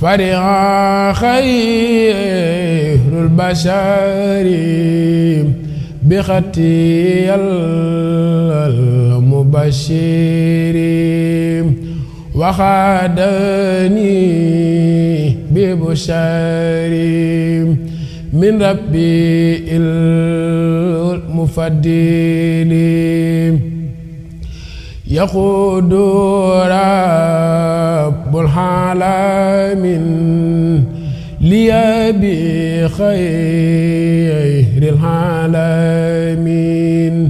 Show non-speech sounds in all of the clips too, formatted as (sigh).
فرحا خير البشر بختي المبشر وخادني ببشر من ربي المفضل يقود رب العالمين لي بخير العالمين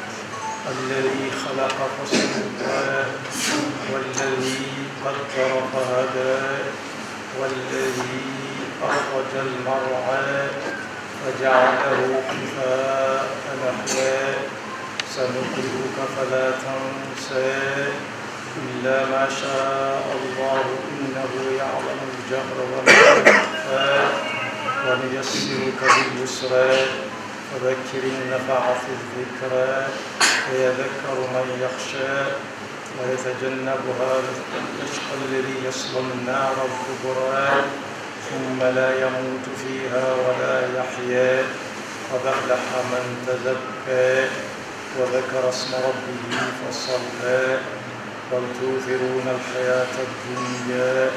الذي خلق فسوى والذي قدر فهدى والذي أخرج المرعى فجعله كفاء نحوى سنقرئك فلا تنسى إلا ما شاء الله إنه يعلم الجهر وما يخفى ونيسرك باليسرى وذكر نفعت الذكرى فيذكر من يخشى ويتجنبها الأشقى الذي يصلى النار الكبرى ثم لا يموت فيها ولا يحيا قد أفلح من تزكى وذكر اسم ربه فصلى بل توثرون الحياة الدنيا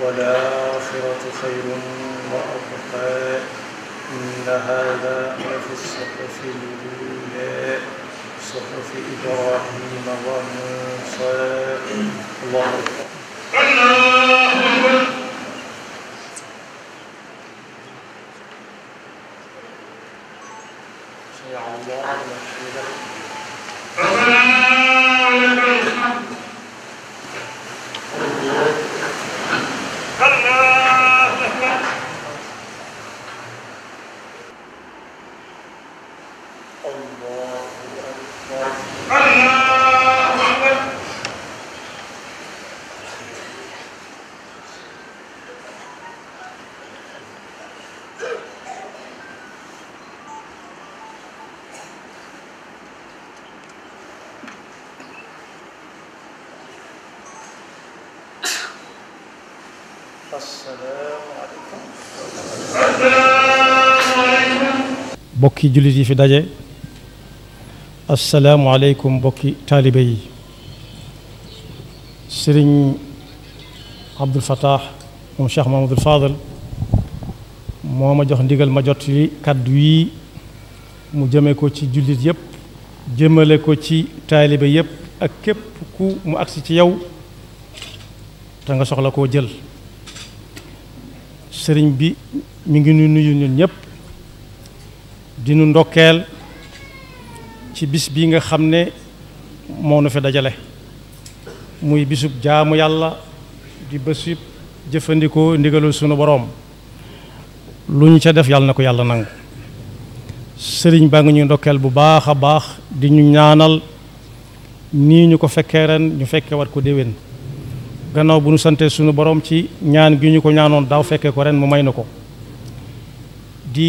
والآخرة خير وأبقى إن هذا لفي الصحف الأولى صحف إبراهيم وموسى الله أكبر الله أكبر سمع الله لمن حمده bokki jullit yi fi daje asalaamualeykum bokki taalibe yi sëriñ Abdul Fattah moom Cheikh Mahamadul Fadal moo ma jox ndigal ma jot li kàddu yi mu jëme ko ci jullit yépp jëmale ko ci taalibe yépp ak képp ku mu agsi ci yow te nga soxla koo jël sëriñ bi mi ngi nu nuyu ñun ñëpp dinu ndokkeel ci bis bi nga xam ne moo nu fi dajale muy bisub jaamu yàlla di bésub jëfandikoo ndigalul sunu boroom lu ñu ca def yàlla na ko yàlla nangu sëriñ baa ngi ñuy ndokkeel bu baax a baax di ñu ñaanal nii ñu ko fekkee ren ñu fekkee war ko déwén gannaaw bu ñu santee suñu boroom ci ñaan gi ñu ko ñaanoon daaw fekkee ko ren mu may na ko di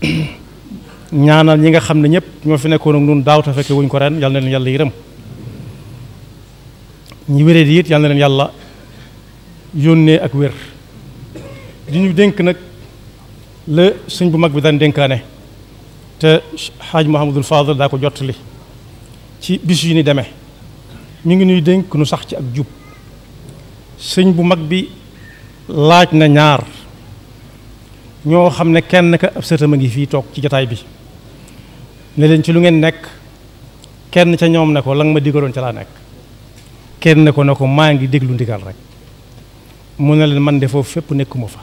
(clears throat) ñaanal ñi nga xam ne ñëpp ñoo fi nekkoon ak nun daaw te fekke wuñ ko ren yal na leen yàlla yërëm ñi wéree di it yal na leen yàlla yónnee ak wér di ñu dénk nag la sëñ bu mag bi daan dénkaane te xaaj Mouhamadul Fadal daa ko jottali ci bis yu ni demee mi ngi nuy dénk nu sax ci ak jub sëñ bu mag bi laaj na ñaar ñoo xam ne kenn ka ab sëtam a ngi fii toog ci jataay bi ne leen ci lu ngeen nekk kenn ca ñoom ne ko la nga ma digaloon ca laa nekk kenn ne ko ne ko maa ngi déglu ndigal rek mu ne leen man de fépp nekkuma fa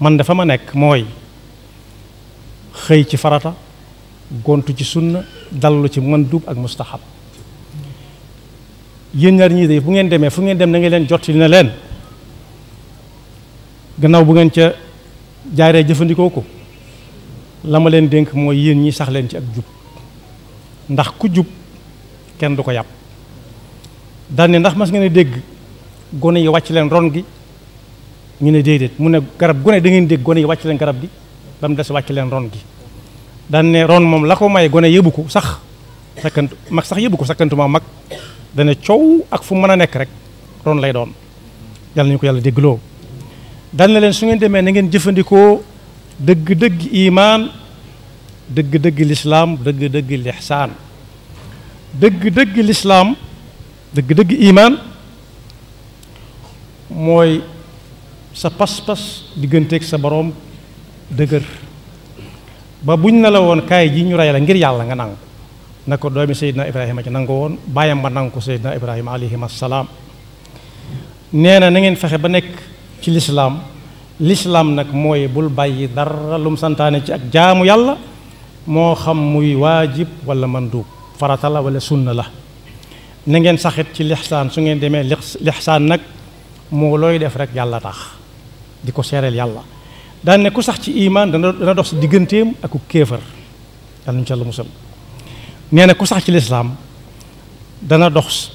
man dafa ma nekk mooy xëy ci farata gontu ci sunna dallu ci duub ak mustahab yéen ñaar ñii day bu ngeen demee fu ngeen dem na ngeen leen jot na leen gannaaw bu ngeen ca jaaree jëfandikoo ko la ma leen dénk mooy yéen ñi sax leen ci ak jub ndax ku jub kenn du ko yàpp daan ndax mas ngeen a dégg gone yi wàcc leen ron gi ñu ne déedéet mu ne garab gone da ngeen dégg gone yi wàcc leen garab gi ba mu des wàcc leen ron gi daan ron moom la ko may gone yëbu ko sax sakkantu mag sax yëbu ko sakkantuma mag dana coow ak fu mën a nekk rek ron lay doon yal nañu ko yàlla déggloo dal na leen su ngeen demee na ngeen jëfandikoo dëgg-dëgg imaan dëgg-dëgg lislaam dëgg-dëgg dëgg-dëgg lislaam dëgg imaan mooy sa pas-pas digganteeg sa boroom dëgër ba buñ ne la woon kaay ji ñu rey la ngir yàlla nga nangu na ko doomi Seydina Ibrahima ci nangu woon bàyyam ma nangu ko Seydina Ibrahima alayhim assalaam nee na na ngeen fexe ba nekk ci lislaam lislaam nag mooy bul bàyyi dara lum santaane ci ak jaamu yàlla moo xam muy waajib wala mandub farata la wala sunna la na ngeen saxit ci lixsaan su ngeen demee lixsaan nag moo looy def rek yàlla tax di ko seereel yàlla daan ne ku sax ci imaan dana dox si digganteem ak ku kéefar yàlla ñu ci yàlla nee na ku sax ci lislaam dana dox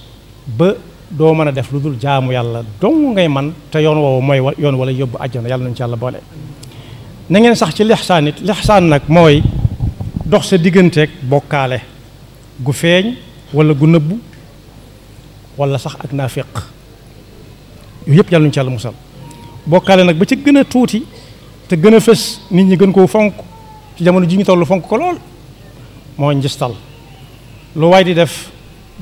ba doo mën a def lu dul jaamu yàlla dong ngay man te yoon woow mooy yoon wala yóbbu àjjana yàlla nañu ci boole na sax ci lixsaan it lixsaan nag mooy dox sa digganteeg bokkaale gu feeñ walla gu nëbbu wala sax ak naafiq yooyu yëpp yàlla nañu ci yàlla musal bokkaale nag ba ci gën a tuuti te gën a fës nit ñi gën koo fonk ci jamono ji ñu toll fonk ko lool moo njistal lu waay di def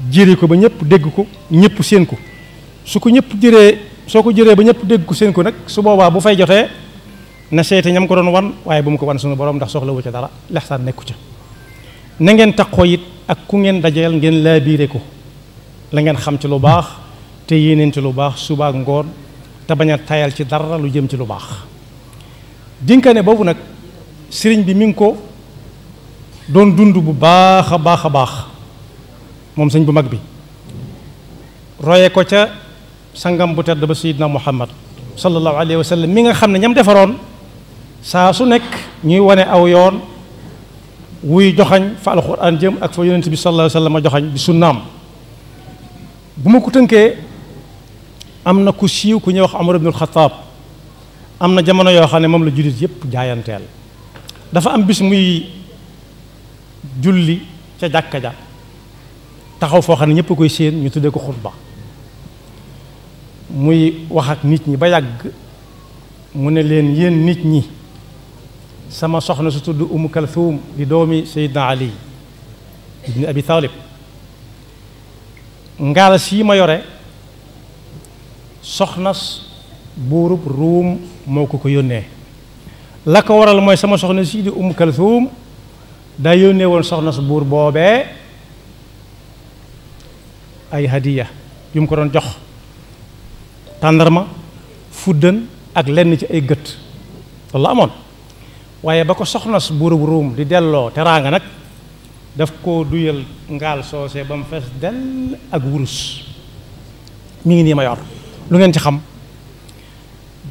jëri ko ba ñëpp dégg ko ñëpp seen ko su ko ñëpp jëree soo ko jëree ba ñëpp dégg ko seen ko nag su boobaa bu fay jotee na seeti ñam ko doon wan waaye bu mu ko wan sunu borom ndax soxla wu ca dara lexsaan nekku ca na ngeen taqoo it ak ku ngeen dajeel ngeen laabiire ko la ngeen xam ci lu baax te yéeneen ci lu baax suba ak ngoon te bañ a tayal ci dara lu jëm ci lu baax ne boobu nag sëriñ bi mi ngi ko doon dund bu baax a baax a baax moom sëñ bu mag bi roye ko ca sangam bu tedd ba sayidna muhammad sallallahu alayhi wa mi nga xam ne ñam defaroon saa su nekk ñuy wane aw yoon wuy joxañ fa alquran jëm ak fa yonent bi sallallahu alayhi wa sallam joxañ di sunnaam bu ma ko tënkee am na ku siiw ku ñuy wax Omar ibnul Xataab am na jamono yoo xam ne moom la jullit yépp jaayanteel dafa am bis muy julli ca jàkka ja taxaw foo xam ne ñëpp koy séen ñu tuddee ko xutba muy wax ak nit ñi ba yàgg mu ne leen yéen nit ñi sama soxna su tudd Umu Kalthum di doomi Seydina Ali ibni Abi Talib ngaal sii ma yore soxna buurub ruum moo ko ko yónnee la ko waral mooy sama soxna sii di Umu Kalthum daa yónnee woon soxnas buur boobee ay hadiya yu mu ko doon jox tàndarma fuddën ak lenn ci ay gët loolu amoon waaye ba ko soxnas buurub ruum di delloo teraanga nag daf koo duyal ngaal soose ba mu fees dell ak wurus mi ngi nii ma yor lu ngeen ci xam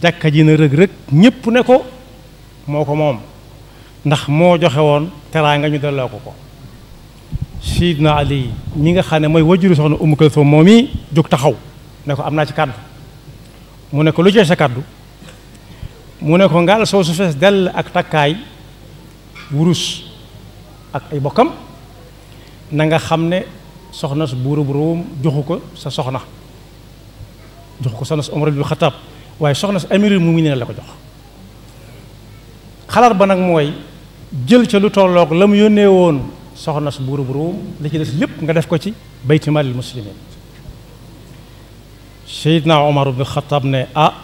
jàkka ji na rëg-rëg ñépp ne ko moo ko moom ndax moo joxe woon teraanga ñu delloo ko ko Sidna Ali mi nga xam ne mooy wajuru soxna Umu Kalsum moom i jóg taxaw ne ko am naa ci kàddu mu ne ko lu ci sa kàddu mu ne ko ngaal soo su fees dell ak takkaay wurus ak ay bokkam na nga xam ne soxna su buurub Room joxu ko sa soxna joxu ko soxna su Umar ibn Xataab waaye soxna su amirul mu'miniin la ko jox xalaat ba nag mooy jël ca lu tolloog la mu yónnee woon soxna su buuru bu ruum li des lépp nga def ko ci bayti maalil muslimin Seydina Omar ibn Xataab ne ah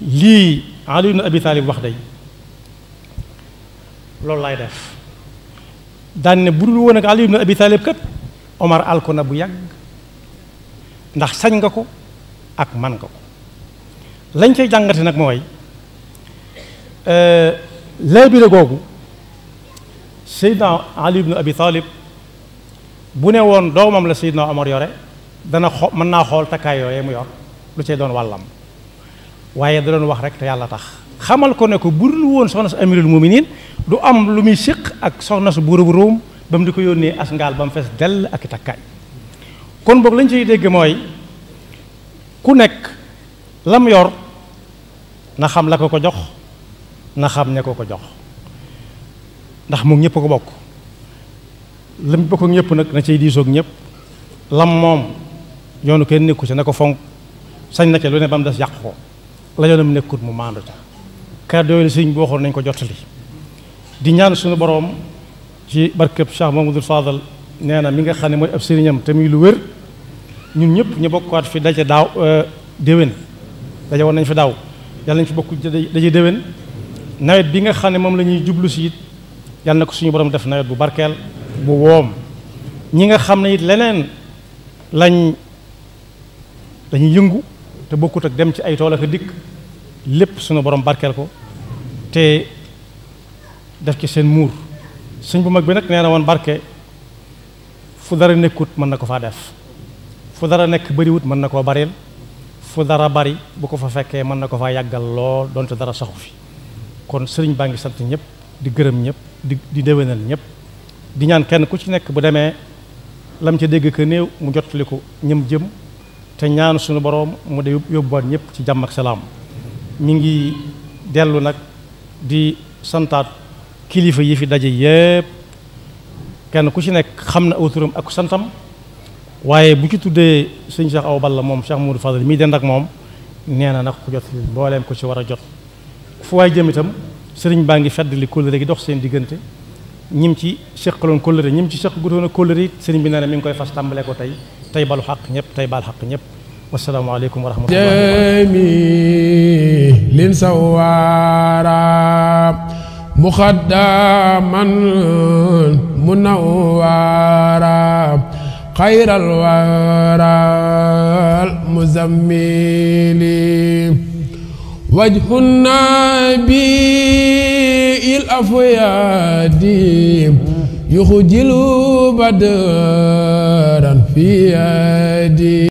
lii Ali ibn wax day loolu lay def daan ne bu dul woon ak Ali ibn Abi Omar alko na bu yàgg ndax sañ nga ko ak man nga ko lañ koy jàngate nag mooy euh, laabire googu Seydina Ali ibn Abi Talib bu ne woon doomam la Seydina Omar yore dana xo mën naa xool takkaay yooyee mu yor lu cay doon wàllam waaye da doon wax rek te yàlla tax xamal ko ne ko burul woon soxna su amirul muminin du am lu muy siq ak soxna su buuru bu Róom ba mu di ko yónnee as ngaal ba mu fees dell ak takkaay kon boog lañ ciy dégg mooy ku nekk lam yor na xam la ko ko jox na xam ne ko ko jox ndax moom ñëpp ko bokk lam bokk ak ñëpp nag na cay diisoog ñëpp lam moom yoonu kenn nekku ci na ko fonk sañ na ca lu ne ba mu des yàq ko la yoonam nekkut mu maandu ca kàddu yooyu sëñ bi waxoon nañ ko jottali di ñaan suñu boroom ci barkeb Cheikh Mamadou Fadal nee na mi nga xam ne mooy ab sëriñam te muy lu wér ñun ñëpp ñu bokkaat fi daje daaw euh, déwén daje woon nañ fi daaw yàlla nañ fi bokk daje déwén nawet bi nga xam ne moom la ñuy jublu si it yàlla na ko suñu borom def nawet bu barkeel bu woom ñi nga xam ne it leneen lañ dañuy yëngu te bokkut ak dem ci ay tool ak dikk lépp suñu borom barkeel ko te def ci seen muur sëñ bu mag bi nag nee na woon barke fu dara nekkut mën na ko faa def fu dara nekk bariwut mën na koo baril fu dara bari bu ko fa fekkee mën na ko faa yàggal lool donte dara saxu fi kon sëriñ baa ngi sant ñëpp di gërëm ñëpp di di déwénal ñëpp di ñaan kenn ku ci nekk bu demee lam ci dégg ka néew mu jottali ko ñëm jëm te ñaan suñu boroom mu de yóbbuwaat ñëpp ci jàmm ak salaam mi ngi dellu nag di santaat kilifa yi fi daje yëpp kenn ku ci nekk xam na aw turam ak santam waaye bu ci tuddee sëñ Cheikh aw Balla moom Cheikh Moudou Fadal mii dend ak moom nee na nag ku jot mbooleem ko ci war a jot fu waay jëm sëriñ baa ngi feddali kóllëre gi dox seen diggante ñim ci seqaloon kóllëre ñim ci seq gutoon kóllëre it sëriñ bi nee na mi ngi koy fas tàmbalee ko tey tey balu xaq ñëpp tey baal xaq ñëpp wasalaamaaleykum wa rahmatulah jami lin sawaara muxaddaman munawara xayral waral وجه النبي الأفياد يخجل بدرا في يدي